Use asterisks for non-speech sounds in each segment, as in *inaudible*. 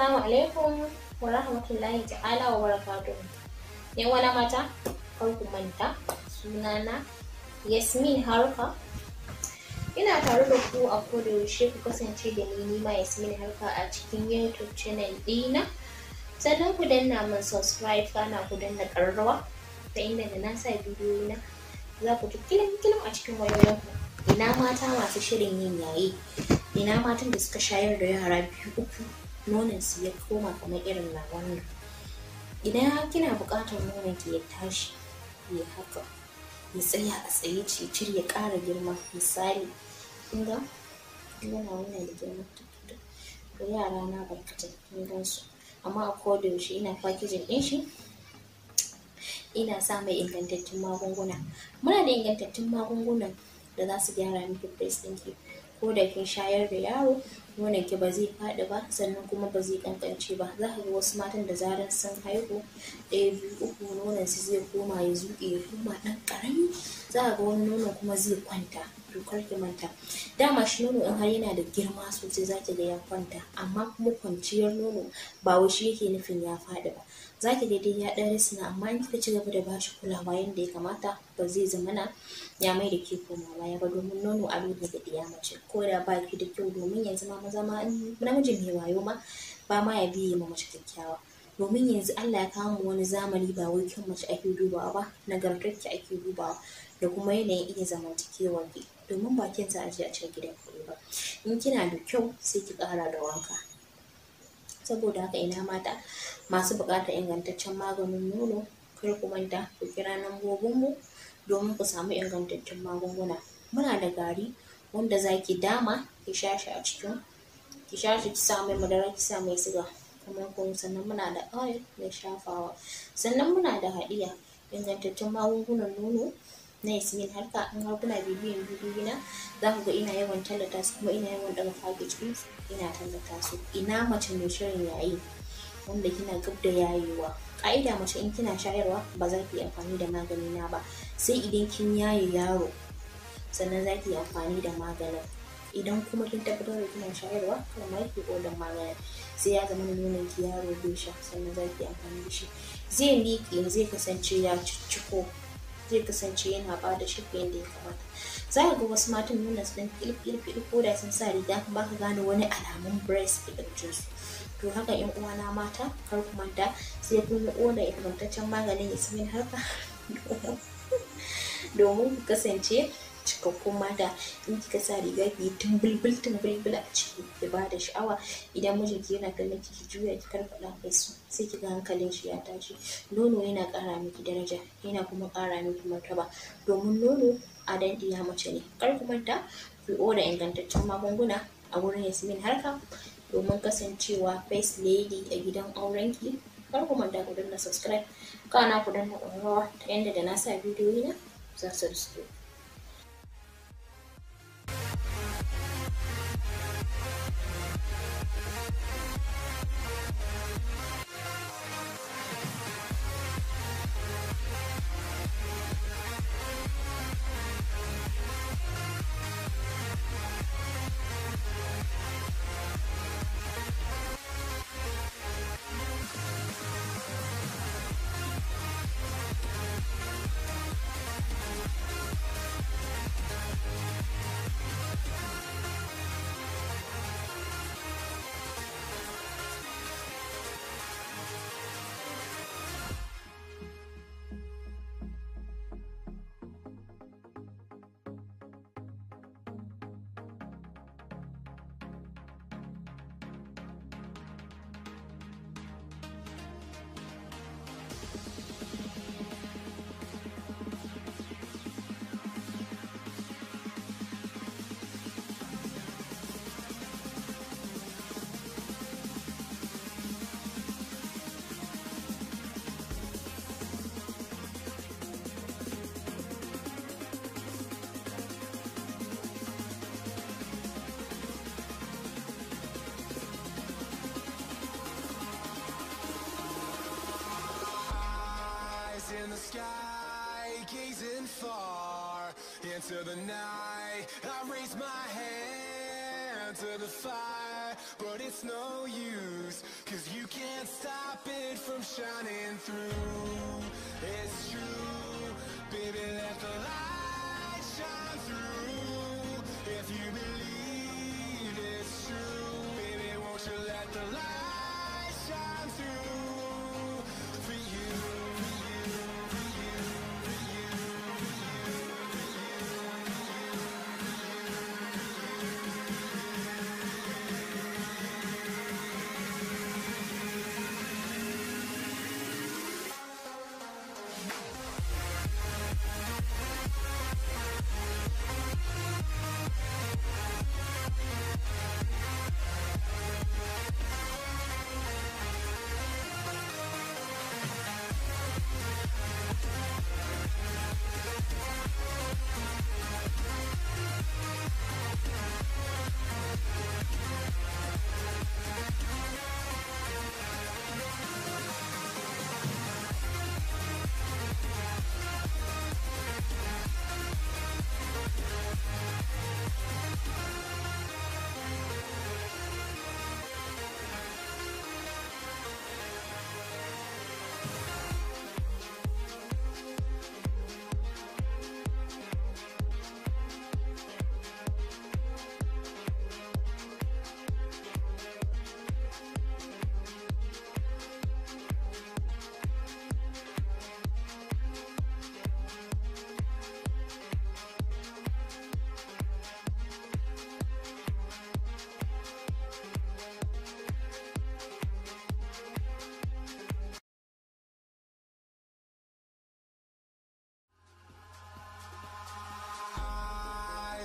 Assalamu alaikum wa rahmatullahi ta'ala wa barakatuhu. Yan wani mata, ku manta, sunana Yasmin Harka. Ina tare da ku a kodin yaushe ku kasance da ni nima Yasmin Harka a cikin YouTube channel ɗina. Sannan ku danna min subscribe kana ku danna ƙararrawa ta inda da na sa bidiyoyi na za ku ji kilim-kilim a cikin ku Ina mata masu shirin yin yayi. Ina matan da suka shayar da yara biyu uku nonon su ya koma kamar irin na wannan idan kina bukatar nonon ki ya tashi ya haka ya tsaya a tsaye cicir ya ƙara girma misali inda yana wannan da girma ko yara na barkata kun su amma a koda yaushe ina fakijin ɗin shi ina sa mai ingantattun magunguna muna da ingantattun magungunan da za su gyara miki breast ɗinki ko da kin shayar da yaro nonon ki ba zai faɗi ba sannan kuma ba zai ƙanƙance ba za ka ga wasu matan da zaran sun haihu ɗaya biyu uku nonon su zai koma ya zuƙe ya koma ɗan ƙarami za ka ga wani nonon kuma zai kwanta dokar ki manta dama shi nono in har yana da girma sosai za ki ga ya kwanta amma kuma kwanciyar nono ba wai shi yake nufin ya faɗi ba za ki dai ya ɗan risina amma in kika ci gaba da ba shi kulawa yadda ya kamata ba zai zamana ya mai da ke koma baya ba domin nono ado ne ga ɗiya mace ko da ba ki da kyau domin yanzu ma maza ma namijin mai wayo ma ba ma ya biye ma mace kyakkyawa domin yanzu Allah ya kawo mu wani zamani ba wai kyan mace ake dubawa ba nagartarki ake dubawa da kuma yanayin iya zamantakewar ki domin ba kyan a je cikin gidan kuɗi ba in kina da kyau sai ki ƙara da wanka saboda haka ina mata masu buƙatar ingantaccen maganin nono kar ku manta ku kira mu domin ku samu ingantattun magunguna. Muna da gari wanda za ki dama ki sha shi a cikin ki sha shi ki sa mai madara ki sa mai siga kamar kuma sannan muna da oil mai shafawa sannan muna da haɗiya ingantattun magungunan nono na yasmin harka in har kuna bibiyan bidiyoyi na za ku ga ina yawan tallata su kuma ina yawan ɗaga package ɗin ina tallata su ina mace mai shirin yayi wanda kina gab da yayewa ka'ida mace in kina shayarwa ba za ki yi amfani da magani na ba sai idan kin yaye yaro sannan za ki yi amfani da maganin idan kuma kin tabbatar da kina shayarwa kuma ma yake kodan maganin sai ya zama nonon ki yaro bai sha sannan za ki yi amfani da shi zai miƙe zai kasance ya cicciko zai kasance yana ba da shi yadda ya kamata za ka ga wasu matan nuna su dan filfil ko da sun sa riga ba ka gane wani alamun breast a su to haka yan uwana mata kar ku manta sai kun yi oda ingantaccen maganin yasmin haka *laughs* domin ku kasance cikakkun mata in kika sa riga ki tumbulbul tumbulbul a ciki ki ba da sha'awa idan mijinki yana kallon ki ki juya ki karfada kai su sai ki ga hankalin shi ya tashi nono yana ƙara miki daraja yana kuma ƙara miki martaba domin nono a iya mace ne kar ku manta ku oda ingantaccen magunguna a wurin yasmin harka domin kasancewa face lady a gidan aurenki kar ku manta ku danna subscribe kana ku danna ƙwararrawa ta yadda da na sa bidiyoyi na za Celsius. the night I raise my hand to the fire But it's no use Cause you can't stop it from shining through It's true Baby, let the light shine through If you believe it's true Baby, won't you let the light shine through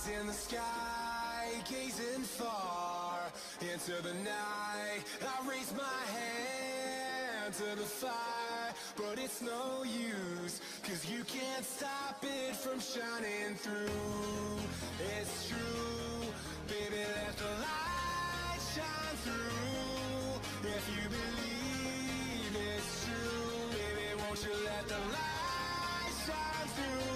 Eyes in the sky, gazing far into the night. I raise my hand to the fire, but it's no use, cause you can't stop it from shining through. It's true, baby, let the light shine through. If you believe it's true, baby, won't you let the light shine through?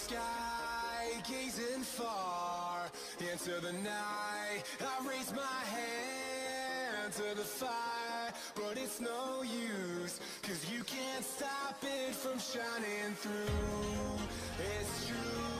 sky, gazing far into the night. I raise my hand to the fire, but it's no use, cause you can't stop it from shining through. It's true.